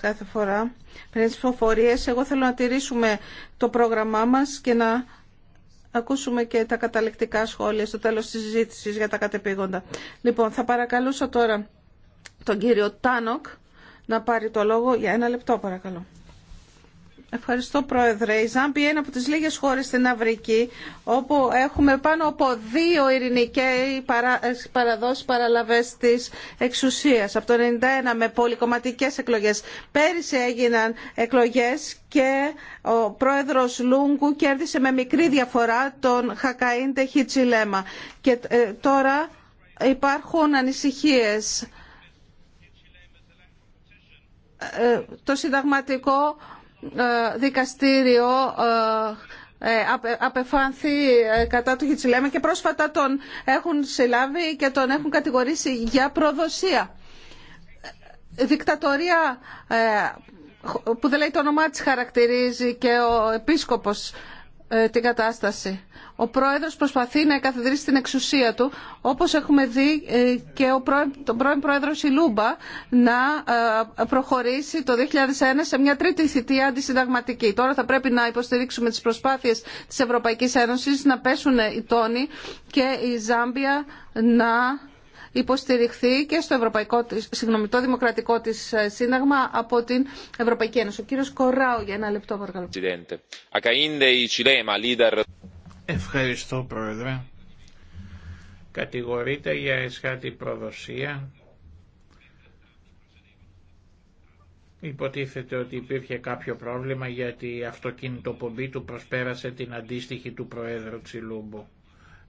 κάθε φορά πριν τις ψηφοφορίες. Εγώ θέλω να τηρήσουμε το πρόγραμμά μας και να ακούσουμε και τα καταληκτικά σχόλια στο τέλος της συζήτησης για τα κατεπήγοντα. Λοιπόν, θα παρακαλούσα τώρα τον κύριο Τάνοκ να πάρει το λόγο για ένα λεπτό παρακαλώ. Ευχαριστώ Πρόεδρε. Η Ζάμπη είναι από τις λίγες χώρες στην Αυρική όπου έχουμε πάνω από δύο ειρηνικές παραδόσεις παραλαβές της εξουσίας από το 1991 με πολυκομματικές εκλογές. Πέρυσι έγιναν εκλογές και ο πρόεδρος Λούγκου κέρδισε με μικρή διαφορά τον Χακαΐντε Χιτσιλέμα. Και ε, τώρα υπάρχουν ανησυχίες. Ε, το συνταγματικό ε, δικαστήριο ε, ε, απεφάνθη κατά του Χιτσιλέμα και πρόσφατα τον έχουν συλλάβει και τον έχουν κατηγορήσει για προδοσία. Δικτατορία που δεν λέει το όνομά της χαρακτηρίζει και ο επίσκοπος ε, την κατάσταση. Ο πρόεδρος προσπαθεί να εκαθιδρύσει την εξουσία του, όπως έχουμε δει ε, και ο πρώην, τον πρώην πρόεδρος Σιλούμπα να ε, προχωρήσει το 2001 σε μια τρίτη θητεία αντισυνταγματική. Τώρα θα πρέπει να υποστηρίξουμε τις προσπάθειες της Ευρωπαϊκής Ένωσης να πέσουν οι τόνοι και η Ζάμπια να υποστηριχθεί και στο ευρωπαϊκό, συγγνωμη, δημοκρατικό τη ε, σύνταγμα από την Ευρωπαϊκή Ένωση. Ο κύριος Κοράου για ένα λεπτό παρακαλώ. Ευχαριστώ Πρόεδρε. Κατηγορείται για εσχάτη προδοσία. Υποτίθεται ότι υπήρχε κάποιο πρόβλημα γιατί η αυτοκινητοπομπή του προσπέρασε την αντίστοιχη του Προέδρου Τσιλούμπου.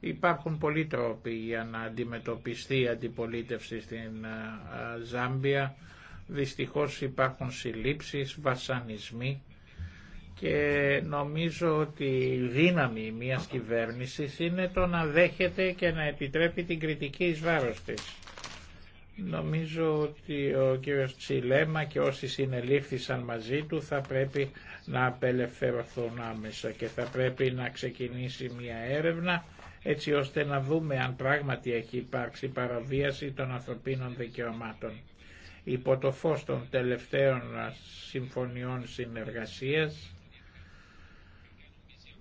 Υπάρχουν πολλοί τρόποι για να αντιμετωπιστεί η αντιπολίτευση στην ε, ε, Ζάμπια. Δυστυχώς υπάρχουν συλλήψεις, βασανισμοί και νομίζω ότι η δύναμη μιας κυβέρνησης είναι το να δέχεται και να επιτρέπει την κριτική εις βάρος της. Νομίζω ότι ο κύριος Τσιλέμα και όσοι συνελήφθησαν μαζί του θα πρέπει να απελευθερωθούν άμεσα και θα πρέπει να ξεκινήσει μια έρευνα έτσι ώστε να δούμε αν πράγματι έχει υπάρξει παραβίαση των ανθρωπίνων δικαιωμάτων. Υπό το φως των τελευταίων συμφωνιών συνεργασίας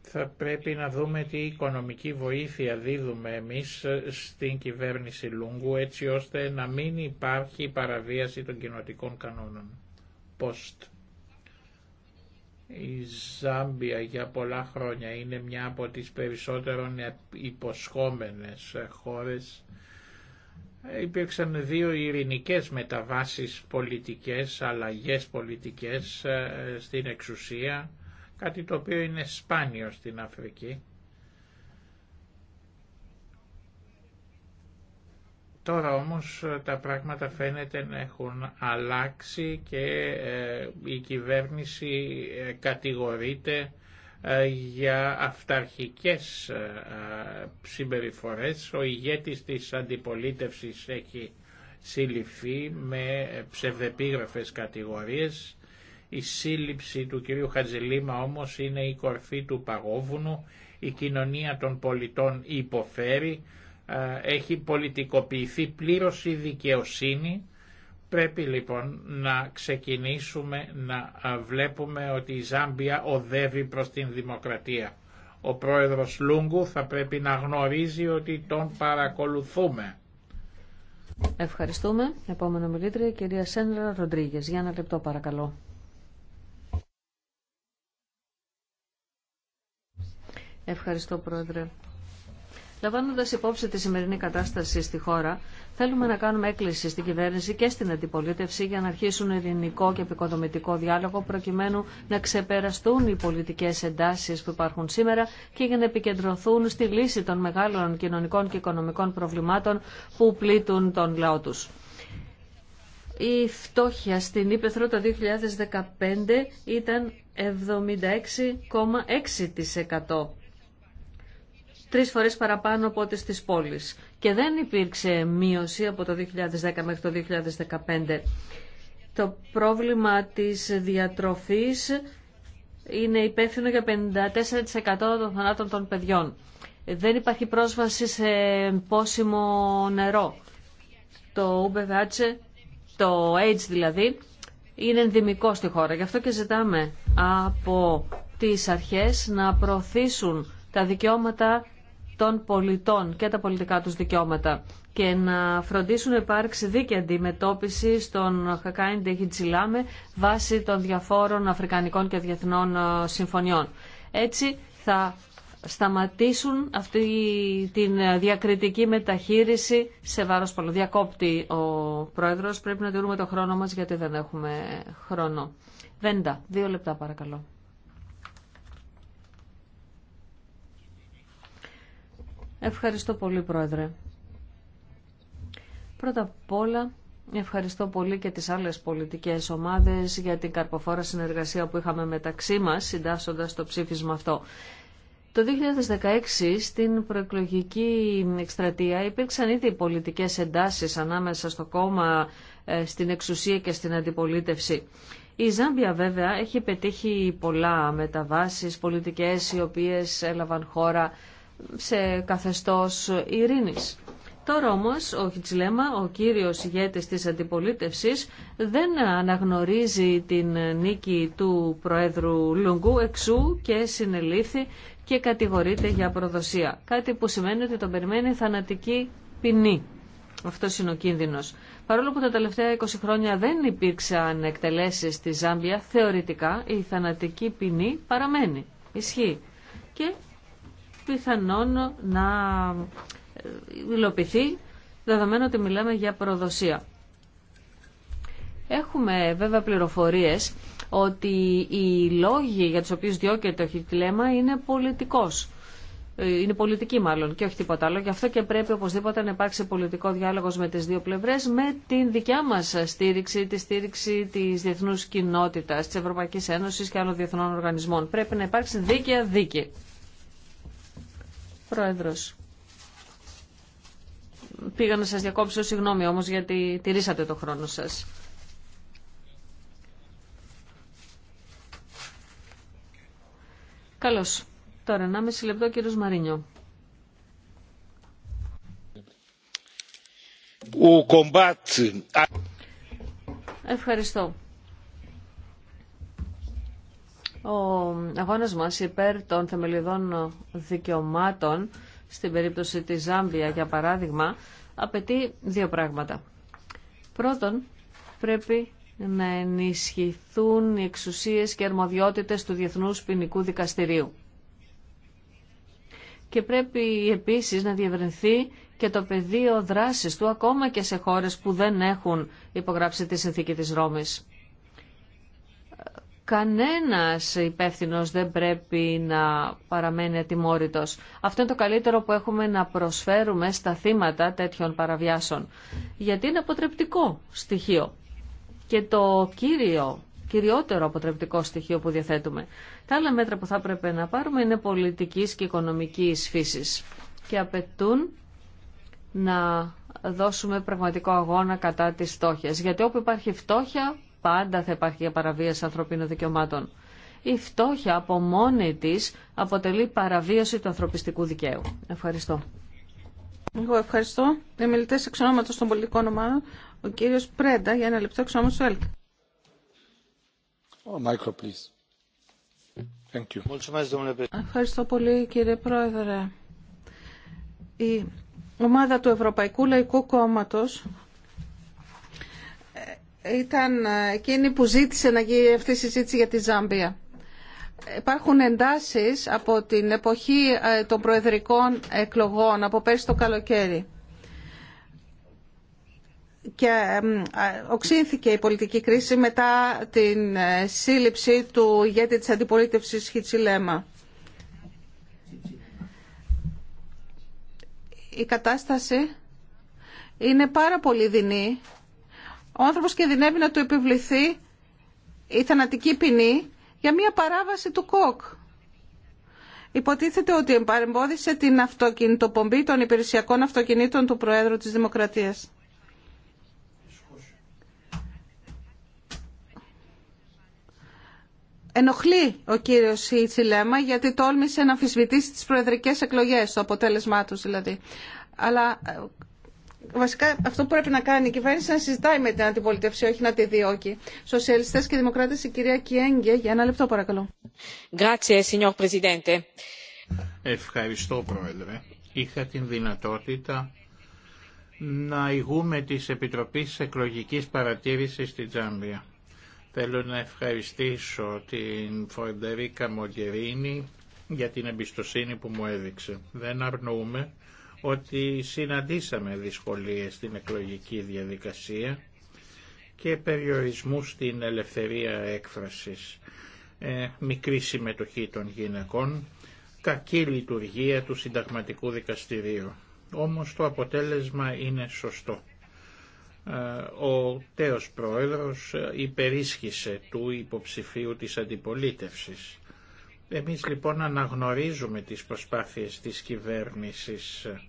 θα πρέπει να δούμε τι οικονομική βοήθεια δίδουμε εμείς ε, στην κυβέρνηση Λούγκου έτσι ώστε να μην υπάρχει παραβίαση των κοινοτικών κανόνων. Post. Η Ζάμπια για πολλά χρόνια είναι μια από τις περισσότερων υποσχόμενες χώρες. Υπήρξαν δύο ειρηνικές μεταβάσεις πολιτικές, αλλαγές πολιτικές ε, στην εξουσία, κάτι το οποίο είναι σπάνιο στην Αφρική. Τώρα όμως ε, τα πράγματα φαίνεται να έχουν αλλάξει και ε, η κυβέρνηση ε, κατηγορείται για αυταρχικές συμπεριφορές. Ο ηγέτης της αντιπολίτευσης έχει σύλληφθεί με ψευδεπίγραφες κατηγορίες. Η σύλληψη του κυρίου Χατζηλίμα όμως είναι η κορφή του παγόβουνου. Η κοινωνία των πολιτών υποφέρει ε, έχει πολιτικοποιηθεί πλήρως η δικαιοσύνη. Πρέπει λοιπόν να ξεκινήσουμε να ε, βλέπουμε ότι η Ζάμπια οδεύει προς την δημοκρατία. Ο πρόεδρος Λούγκου θα πρέπει να γνωρίζει ότι τον παρακολουθούμε. Ευχαριστούμε. Επόμενο μιλήτρια, κυρία Σένρα Ροντρίγες. Για ένα λεπτό παρακαλώ. Ευχαριστώ πρόεδρε. Λαμβάνοντα υπόψη τη σημερινή κατάσταση στη χώρα, θέλουμε να κάνουμε έκκληση στην κυβέρνηση και στην αντιπολίτευση για να αρχίσουν ειρηνικό και επικοδομητικό διάλογο, προκειμένου να ξεπεραστούν οι πολιτικέ εντάσει που υπάρχουν σήμερα και για να επικεντρωθούν στη λύση των μεγάλων κοινωνικών και οικονομικών προβλημάτων που πλήττουν τον λαό του. Η φτώχεια στην Ήπεθρο το 2015 ήταν 76,6% Τρει φορέ παραπάνω από ό,τι στι πόλει. Και δεν υπήρξε μείωση από το 2010 μέχρι το 2015. Το πρόβλημα της διατροφής είναι υπεύθυνο για 54% των θανάτων των παιδιών. Δεν υπάρχει πρόσβαση σε πόσιμο νερό. Το UBVH, το AIDS δηλαδή, είναι ενδημικό στη χώρα. Γι' αυτό και ζητάμε από τις αρχές να προωθήσουν τα δικαιώματα των πολιτών και τα πολιτικά τους δικαιώματα και να φροντίσουν να υπάρξει δίκαιη αντιμετώπιση στον Χακάιν Τεχιτσιλάμε βάσει των διαφόρων αφρικανικών και διεθνών ε, συμφωνιών. Έτσι θα σταματήσουν αυτή την ε, διακριτική μεταχείριση σε βάρος πολλού. Διακόπτη ο Πρόεδρος, πρέπει να τηρούμε το χρόνο μας γιατί δεν έχουμε χρόνο. Βέντα, δύο λεπτά παρακαλώ. Ευχαριστώ πολύ, Πρόεδρε. Πρώτα απ' όλα, ευχαριστώ πολύ και τις άλλες πολιτικές ομάδες για την καρποφόρα συνεργασία που είχαμε μεταξύ μας, συντάσσοντας το ψήφισμα αυτό. Το 2016 στην προεκλογική εκστρατεία υπήρξαν ήδη πολιτικές εντάσεις ανάμεσα στο κόμμα, ε, στην εξουσία και στην αντιπολίτευση. Η Ζάμπια βέβαια έχει πετύχει πολλά μεταβάσεις πολιτικές οι οποίες έλαβαν χώρα σε καθεστώς ειρήνης. Τώρα όμως ο Χιτσλέμα, ο κύριος ηγέτης της αντιπολίτευσης, δεν αναγνωρίζει την νίκη του Προέδρου Λουγκού εξού και συνελήφθη και κατηγορείται για προδοσία. Κάτι που σημαίνει ότι τον περιμένει θανατική ποινή. Αυτό είναι ο κίνδυνο. Παρόλο που τα τελευταία 20 χρόνια δεν υπήρξαν εκτελέσεις στη Ζάμπια, θεωρητικά η θανατική ποινή παραμένει. Ισχύει. Και πιθανόν να ε, υλοποιηθεί, δεδομένου ότι μιλάμε για προδοσία. Έχουμε βέβαια πληροφορίες ότι οι λόγοι για τους οποίους διώκεται το χιτλέμα είναι πολιτικός. Ε, είναι πολιτική μάλλον και όχι τίποτα άλλο. Γι' αυτό και πρέπει οπωσδήποτε να υπάρξει πολιτικό διάλογος με τις δύο πλευρές με την δικιά μας στήριξη, τη στήριξη της διεθνούς κοινότητας, της Ευρωπαϊκής Ένωσης και άλλων διεθνών οργανισμών. Πρέπει να υπάρξει δίκαια δίκη. Πρόεδρος. Πήγα να σας διακόψω, συγγνώμη όμως, γιατί τηρήσατε το χρόνο σας. Καλώς. Τώρα, μισή λεπτό, κύριος Μαρίνιο. Ευχαριστώ ο αγώνας μας υπέρ των θεμελιδών δικαιωμάτων, στην περίπτωση της Ζάμπια για παράδειγμα, απαιτεί δύο πράγματα. Πρώτον, πρέπει να ενισχυθούν οι εξουσίες και αρμοδιότητες του Διεθνούς Ποινικού Δικαστηρίου. Και πρέπει επίσης να διευρυνθεί και το πεδίο δράσης του ακόμα και σε χώρες που δεν έχουν υπογράψει τη συνθήκη της Ρώμης κανένας υπεύθυνο δεν πρέπει να παραμένει ατιμόρυτος. Αυτό είναι το καλύτερο που έχουμε να προσφέρουμε στα θύματα τέτοιων παραβιάσεων. Γιατί είναι αποτρεπτικό στοιχείο. Και το κύριο, κυριότερο αποτρεπτικό στοιχείο που διαθέτουμε. Τα άλλα μέτρα που θα έπρεπε να πάρουμε είναι πολιτικής και οικονομικής φύσης. Και απαιτούν να δώσουμε πραγματικό αγώνα κατά τις φτώχειας. Γιατί όπου υπάρχει φτώχεια πάντα θα υπάρχει για παραβίαση ανθρωπίνων δικαιωμάτων. Η φτώχεια από μόνη της αποτελεί παραβίαση του ανθρωπιστικού δικαίου. Ευχαριστώ. Εγώ ευχαριστώ. Οι εξ ονόματο των πολιτικών ομάδων, ο κύριο Πρέντα, για ένα λεπτό εξ ονόματο του ΕΛΚ. Oh, ευχαριστώ πολύ, κύριε Πρόεδρε. Η ομάδα του Ευρωπαϊκού Λαϊκού Κόμματο ήταν εκείνη που ζήτησε να γίνει αυτή η συζήτηση για τη Ζάμπια. Υπάρχουν εντάσεις από την εποχή ε, των προεδρικών εκλογών, από πέρσι το καλοκαίρι. Και οξύνθηκε η πολιτική κρίση μετά την ε, σύλληψη του ηγέτη της αντιπολίτευσης Χιτσιλέμα. Η κατάσταση είναι πάρα πολύ δεινή ο άνθρωπος κινδυνεύει να του επιβληθεί η θανατική ποινή για μια παράβαση του ΚΟΚ. Υποτίθεται ότι παρεμπόδισε την αυτοκινητοπομπή των υπηρεσιακών αυτοκινήτων του Προέδρου της Δημοκρατίας. Ενοχλεί ο κύριος Ιτσιλέμα γιατί τόλμησε να αμφισβητήσει τις προεδρικές εκλογές, το αποτέλεσμά τους δηλαδή. Αλλά βασικά αυτό που πρέπει να κάνει η κυβέρνηση είναι να συζητάει με την αντιπολίτευση, όχι να τη διώκει. Σοσιαλιστέ και δημοκράτε, η κυρία Κιέγγε, για ένα λεπτό παρακαλώ. Ευχαριστώ, Πρόεδρε. Είχα την δυνατότητα να ηγούμε της Επιτροπής Εκλογικής Παρατήρησης στη Τζάμπια. Θέλω να ευχαριστήσω την Φορντερίκα Μογκερίνη για την εμπιστοσύνη που μου έδειξε. Δεν αρνούμε ότι συναντήσαμε δυσκολίες στην εκλογική διαδικασία και περιορισμού στην ελευθερία έκφρασης, ε, μικρή συμμετοχή των γυναικών, κακή λειτουργία του συνταγματικού δικαστηρίου. Όμως το αποτέλεσμα είναι σωστό. Ε, ο τέος πρόεδρος υπερίσχυσε του υποψηφίου της αντιπολίτευσης εμείς λοιπόν αναγνωρίζουμε τις προσπάθειες της κυβέρνησης ε,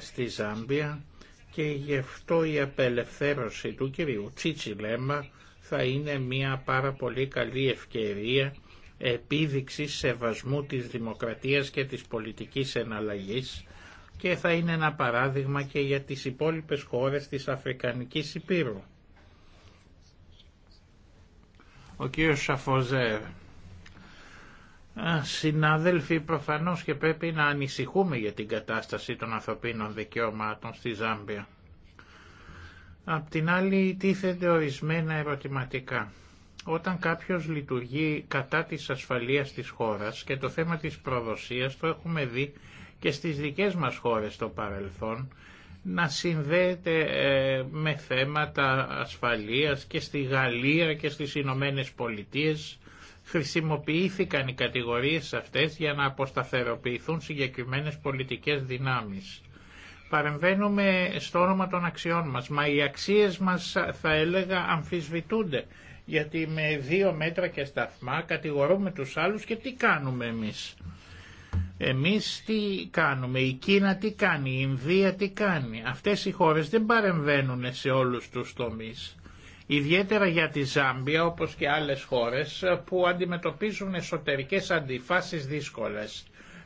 στη Ζάμπια και γι' αυτό η απελευθέρωση του κυρίου Τσίτσιλέμα θα είναι μια πάρα πολύ καλή ευκαιρία επίδειξη σεβασμού της δημοκρατίας και της πολιτικής εναλλαγής και θα είναι ένα παράδειγμα και για τις υπόλοιπες χώρες της Αφρικανικής Υπήρου. Ο κύριος Σαφοζέρ Συνάδελφοι, προφανώς και πρέπει να ανησυχούμε για την κατάσταση των ανθρωπίνων δικαιωμάτων στη Ζάμπια. Απ' την άλλη τίθεται ορισμένα ερωτηματικά. Όταν κάποιος λειτουργεί κατά της ασφαλείας της χώρας και το θέμα της προδοσίας το έχουμε δει και στις δικές μας χώρες στο παρελθόν, να συνδέεται ε, με θέματα ασφαλείας και στη Γαλλία και στις Ηνωμένε Πολιτείες χρησιμοποιήθηκαν οι κατηγορίες αυτές για να αποσταθεροποιηθούν συγκεκριμένες πολιτικές δυνάμεις. Παρεμβαίνουμε στο όνομα των αξιών μας, μα οι αξίες μας θα έλεγα αμφισβητούνται, γιατί με δύο μέτρα και σταθμά κατηγορούμε τους άλλους και τι κάνουμε εμείς. Εμείς τι κάνουμε, η Κίνα τι κάνει, η Ινδία τι κάνει. Αυτές οι χώρες δεν παρεμβαίνουν σε όλους τους τομείς. Ιδιαίτερα για τη Ζάμπια όπως και άλλες χώρες που αντιμετωπίζουν εσωτερικές αντιφάσεις δύσκολες.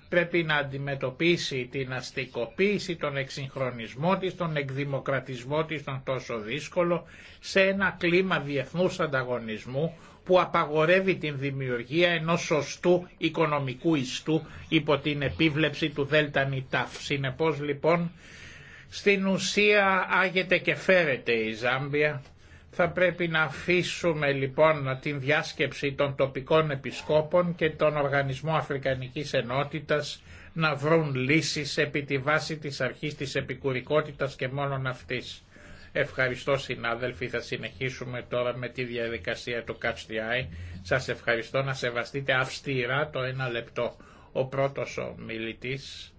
Πρέπει να αντιμετωπίσει την αστικοποίηση, τον εξυγχρονισμό της, τον εκδημοκρατισμό της, τον τόσο δύσκολο, σε ένα κλίμα διεθνούς ανταγωνισμού που απαγορεύει την δημιουργία ενός σωστού οικονομικού ιστού υπό την επίβλεψη του ΔΝΤ. Συνεπώς λοιπόν στην ουσία άγεται και φέρεται η Ζάμπια θα πρέπει να αφήσουμε λοιπόν την διάσκεψη των τοπικών επισκόπων και τον Οργανισμό Αφρικανικής Ενότητας να βρουν λύσεις επί τη βάση της αρχής της επικουρικότητας και μόνον αυτής. Ευχαριστώ συνάδελφοι, θα συνεχίσουμε τώρα με τη διαδικασία του Catch the Σας ευχαριστώ να σεβαστείτε αυστηρά το ένα λεπτό. Ο πρώτος ο μιλητής.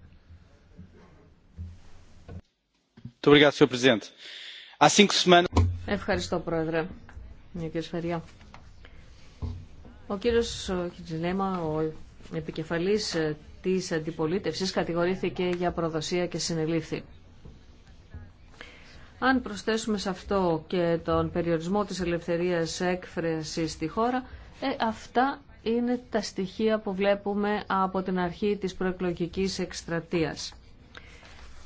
Ευχαριστώ, Πρόεδρε. Μια Ο κύριος Χιτζηλέμα, ο επικεφαλής ε, της αντιπολίτευσης, κατηγορήθηκε για προδοσία και συνελήφθη. Αν προσθέσουμε σε αυτό και τον περιορισμό της ελευθερίας έκφρασης στη χώρα, ε, αυτά είναι τα στοιχεία που βλέπουμε από την αρχή της προεκλογικής εκστρατείας.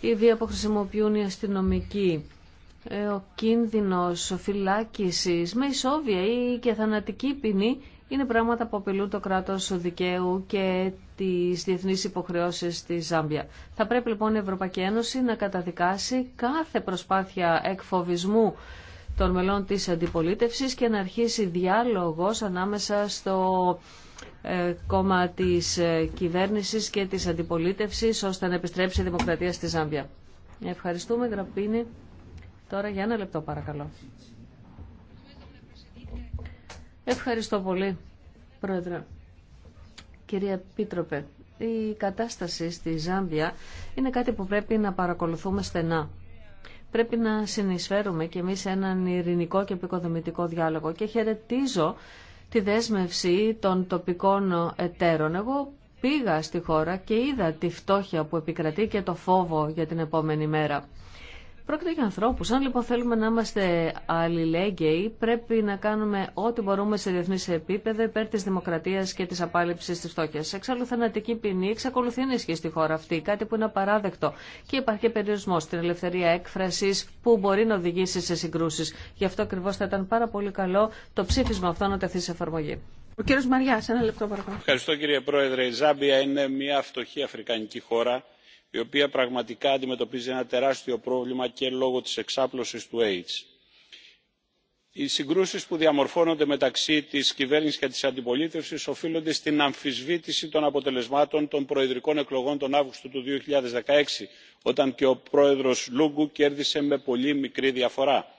Η αποχρησιμοποιούν οι αστυνομικοί, ε, ο κίνδυνος φυλάκισης με ισόβια ή και θανατική ποινή είναι πράγματα που απειλούν το κράτος δικαίου και τις διεθνείς υποχρεώσεις στη Ζάμπια. Θα πρέπει λοιπόν η Ευρωπαϊκή Ένωση να καταδικάσει κάθε προσπάθεια εκφοβισμού των μελών της αντιπολίτευσης και να αρχίσει διάλογος ανάμεσα στο ε, κόμμα της ε, κυβέρνησης και της αντιπολίτευσης ώστε να επιστρέψει η δημοκρατία στη Ζάμπια. Ευχαριστούμε, Γραπίνη. Τώρα για ένα λεπτό παρακαλώ. Ευχαριστώ πολύ, Πρόεδρε. Κυρία Πίτροπε, η κατάσταση στη Ζάμπια είναι κάτι που πρέπει να παρακολουθούμε στενά. Πρέπει να συνεισφέρουμε και εμείς έναν ειρηνικό και επικοδομητικό διάλογο και χαιρετίζω τη δέσμευση των τοπικών εταίρων. Εγώ πήγα στη χώρα και είδα τη φτώχεια που επικρατεί και το φόβο για την επόμενη μέρα. Πρόκειται για ανθρώπου. Αν λοιπόν θέλουμε να είμαστε αλληλέγγυοι, πρέπει να κάνουμε ό,τι μπορούμε σε διεθνή επίπεδο υπέρ τη δημοκρατία και τη απάλληψη τη φτώχεια. Εξάλλου θανατική ποινή εξακολουθεί να ισχύει στη χώρα αυτή, κάτι που είναι απαράδεκτο. Και υπάρχει και περιορισμός στην ελευθερία έκφραση που μπορεί να οδηγήσει σε συγκρούσει. Γι' αυτό ακριβώ θα ήταν πάρα πολύ καλό το ψήφισμα αυτό να τεθεί σε εφαρμογή. Ο κύριο Μαριά, ένα λεπτό παρακαλώ. Ευχαριστώ κύριε Πρόεδρε. Η Ζάμπια είναι μια φτωχή αφρικανική χώρα η οποία πραγματικά αντιμετωπίζει ένα τεράστιο πρόβλημα και λόγω της εξάπλωσης του aids. οι συγκρούσεις που διαμορφώνονται μεταξύ της κυβέρνησης και της αντιπολίτευσης οφείλονται στην αμφισβήτηση των αποτελεσμάτων των προεδρικών εκλογών τον αύγουστο του 2016, όταν και ο πρόεδρος λούγκου κέρδισε με πολύ μικρή διαφορά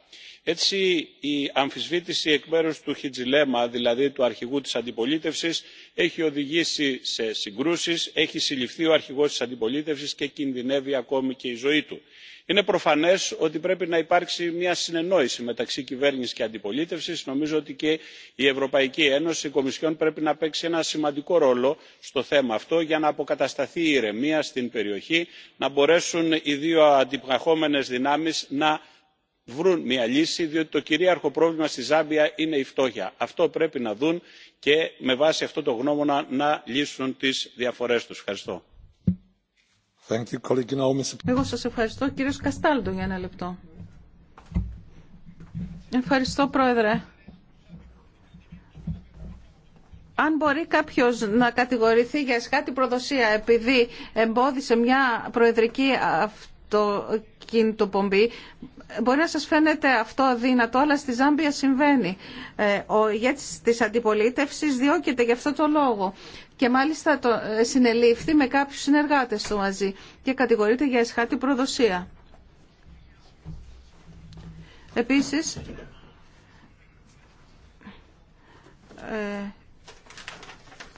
έτσι η αμφισβήτηση εκ μέρους του χιτζιλέμα δηλαδή του αρχηγού της αντιπολίτευσης έχει οδηγήσει σε συγκρούσεις έχει συλληφθεί ο αρχηγός της αντιπολίτευσης και κινδυνεύει ακόμη και η ζωή του. είναι προφανές ότι πρέπει να υπάρξει μια συνεννόηση μεταξύ κυβέρνησης και αντιπολίτευσης. νομίζω ότι και η ευρωπαϊκή ένωση η κομισιόν πρέπει να παίξει ένα σημαντικό ρόλο στο θέμα αυτό για να αποκατασταθεί η ηρεμία στην περιοχή να μπορέσουν οι δύο αντιμαχόμενες δυνάμεις να βρουν μια λύση διότι το κυρίαρχο πρόβλημα στη ζάμπια είναι η φτώχεια. αυτό πρέπει να δουν και με βάση αυτό το γνώμονα να λύσουν τις διαφορές τους. ευχαριστώ. Εγώ σας ευχαριστώ. Κύριος Καστάλντο για ένα λεπτό. Ευχαριστώ Πρόεδρε. Αν μπορεί κάποιος να κατηγορηθεί για σκάτη προδοσία επειδή εμπόδισε μια προεδρική το πομπή Μπορεί να σας φαίνεται αυτό αδύνατο, αλλά στη Ζάμπια συμβαίνει. Ε, ο ηγέτης της αντιπολίτευσης διώκεται γι' αυτό το λόγο. Και μάλιστα ε, συνελήφθη με κάποιους συνεργάτες του μαζί και κατηγορείται για εσχάτη προδοσία. Επίσης, ε,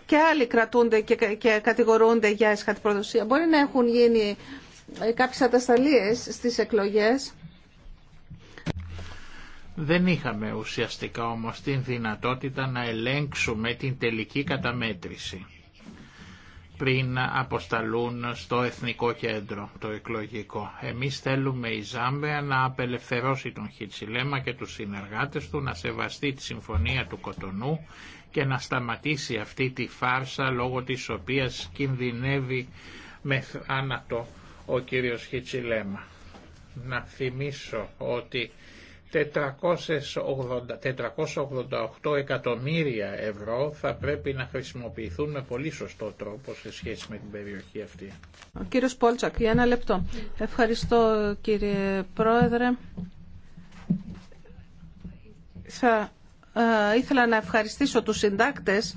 και άλλοι κρατούνται και κατηγορούνται για εσχάτη προδοσία Μπορεί να έχουν γίνει ε, κάποιες ατασταλίες στις εκλογές. Δεν είχαμε ουσιαστικά όμως την δυνατότητα να ελέγξουμε την τελική καταμέτρηση πριν αποσταλούν στο Εθνικό Κέντρο το εκλογικό. Εμείς θέλουμε η Ζάμπεα να απελευθερώσει τον Χιτσιλέμα και τους συνεργάτες του, να σεβαστεί τη Συμφωνία του Κοτονού και να σταματήσει αυτή τη φάρσα λόγω της οποίας κινδυνεύει με θάνατο ο κύριος Χιτσιλέμα. Να θυμίσω ότι 488 εκατομμύρια ευρώ θα πρέπει να χρησιμοποιηθούν με πολύ σωστό τρόπο σε σχέση με την περιοχή αυτή. Ο κύριος Πόλτσακ, για ένα λεπτό. Ευχαριστώ κύριε Πρόεδρε. Θα ε, ήθελα να ευχαριστήσω τους συντάκτες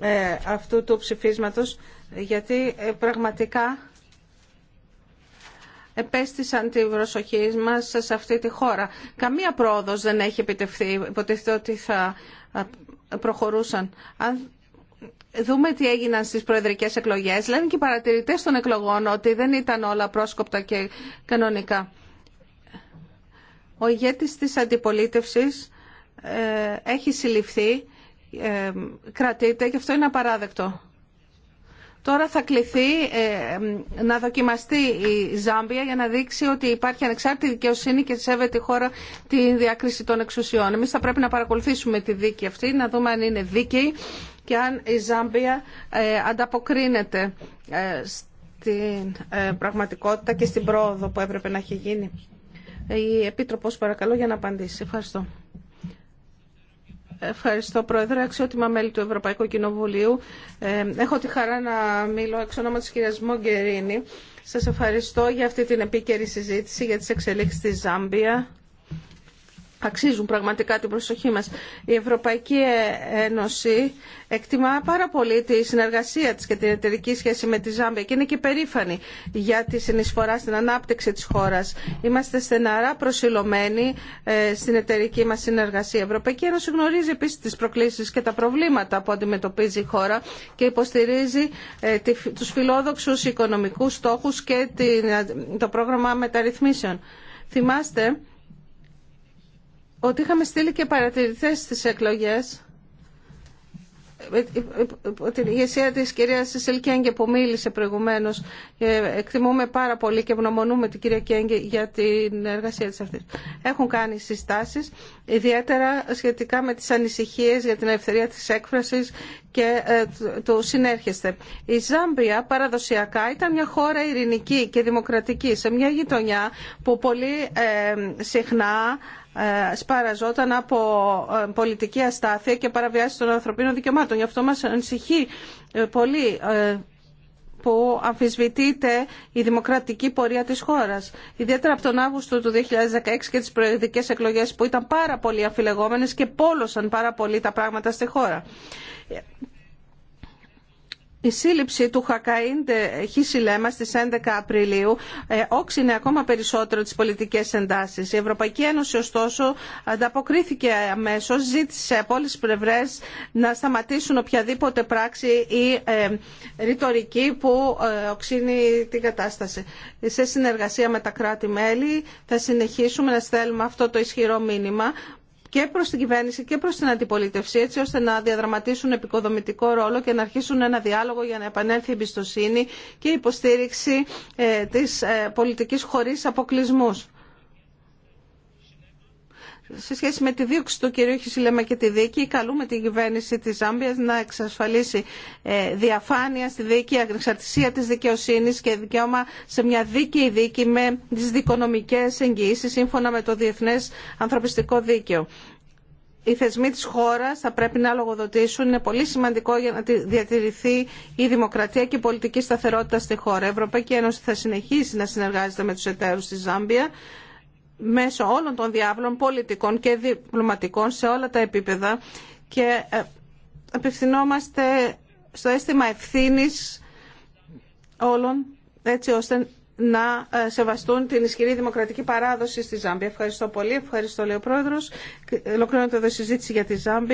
ε, αυτού του ψηφίσματος γιατί ε, πραγματικά επέστησαν την προσοχή μας σε αυτή τη χώρα. Καμία πρόοδος δεν έχει επιτευχθεί. Υποτίθεται ότι θα προχωρούσαν. Αν δούμε τι έγιναν στις προεδρικές εκλογές, λένε και οι παρατηρητές των εκλογών ότι δεν ήταν όλα πρόσκοπτα και κανονικά. Ο ηγέτης της αντιπολίτευσης ε, έχει συλληφθεί, ε, κρατείται και αυτό είναι απαράδεκτο. Τώρα θα κληθεί ε, να δοκιμαστεί η Ζάμπια για να δείξει ότι υπάρχει ανεξάρτητη δικαιοσύνη και σέβεται η χώρα τη διάκριση των εξουσιών. Εμείς θα πρέπει να παρακολουθήσουμε τη δίκη αυτή, να δούμε αν είναι δίκαιη και αν η Ζάμπια ε, ανταποκρίνεται ε, στην πραγματικότητα και στην πρόοδο που έπρεπε να έχει γίνει. Η Επίτροπος παρακαλώ για να απαντήσει. Ευχαριστώ. Ευχαριστώ, Πρόεδρε. Αξιότιμα μέλη του Ευρωπαϊκού Κοινοβουλίου. Ε, έχω τη χαρά να μιλώ εξ τη κυρία Μογκερίνη. Σα ευχαριστώ για αυτή την επίκαιρη συζήτηση για τι εξελίξει στη Ζάμπια αξίζουν πραγματικά την προσοχή μας. Η Ευρωπαϊκή Ένωση εκτιμά πάρα πολύ τη συνεργασία της και την εταιρική σχέση με τη Ζάμπια και είναι και περήφανη για τη συνεισφορά στην ανάπτυξη της χώρας. Είμαστε στεναρά προσιλωμένοι ε, στην εταιρική μας συνεργασία. Η Ευρωπαϊκή Ένωση γνωρίζει επίσης τις προκλήσεις και τα προβλήματα που αντιμετωπίζει η χώρα και υποστηρίζει ε, τους φιλόδοξους οικονομικούς στόχους και ε, το πρόγραμμα μεταρρυθμίσεων. Θυμάστε ότι είχαμε στείλει και παρατηρητές στις εκλογές την ηγεσία της κυρία Σισελ Κέγκε που μίλησε προηγουμένως εκτιμούμε πάρα πολύ και ευγνωμονούμε την κυρία Κέγκε για την εργασία της αυτής. Έχουν κάνει συστάσεις ιδιαίτερα σχετικά με τις ανησυχίες για την ελευθερία της έκφρασης και ε, του συνέρχεστε. Η Ζάμπια παραδοσιακά ήταν μια χώρα ειρηνική και δημοκρατική σε μια γειτονιά που πολύ ε, συχνά ε, σπάραζόταν από ε, πολιτική αστάθεια και παραβιάσεις των ανθρωπίνων δικαιωμάτων. Γι' αυτό μας ανησυχεί ε, πολύ που αμφισβητείται η δημοκρατική πορεία της χώρας. Ιδιαίτερα από τον Αύγουστο του 2016 και τις προεδρικές εκλογές που ήταν πάρα πολύ αφιλεγόμενες και πόλωσαν πάρα πολύ τα πράγματα στη χώρα. Η σύλληψη του ΧΑΚΑΙΝΤΕ Χισιλέμα στις 11 Απριλίου ε, όξινε ακόμα περισσότερο τις πολιτικές εντάσεις. Η Ευρωπαϊκή Ένωση ωστόσο ανταποκρίθηκε αμέσως, ζήτησε από όλες τις πλευρές να σταματήσουν οποιαδήποτε πράξη ή ε, ρητορική που ε, οξύνει την κατάσταση. Σε συνεργασία με τα κράτη-μέλη θα συνεχίσουμε να στέλνουμε αυτό το ισχυρό μήνυμα και προς την κυβέρνηση και προς την αντιπολίτευση έτσι ώστε να διαδραματίσουν επικοδομητικό ρόλο και να αρχίσουν ένα διάλογο για να επανέλθει η εμπιστοσύνη και η υποστήριξη ε, της ε, πολιτικής χωρίς αποκλεισμούς σε σχέση με τη δίωξη του κυρίου Χισιλέμα και τη δίκη, καλούμε την κυβέρνηση της Ζάμπιας να εξασφαλίσει ε, διαφάνεια στη δίκη, ανεξαρτησία της δικαιοσύνης και δικαίωμα σε μια δίκαιη δίκη με τις δικονομικές εγγυησει σύμφωνα με το Διεθνές Ανθρωπιστικό Δίκαιο. Οι θεσμοί της χώρας θα πρέπει να λογοδοτήσουν. Είναι πολύ σημαντικό για να διατηρηθεί η δημοκρατία και η πολιτική σταθερότητα στη χώρα. Η Ευρωπαϊκή Ένωση θα συνεχίσει να συνεργάζεται με τους εταίρους τη Ζάμπια μέσω όλων των διάβλων πολιτικών και διπλωματικών σε όλα τα επίπεδα και ε, απευθυνόμαστε στο αίσθημα ευθύνης όλων έτσι ώστε να ε, σεβαστούν την ισχυρή δημοκρατική παράδοση στη Ζάμπη. Ευχαριστώ πολύ. Ευχαριστώ, λέει ο Πρόεδρος. Ολοκληρώνεται εδώ η συζήτηση για τη Ζάμπη.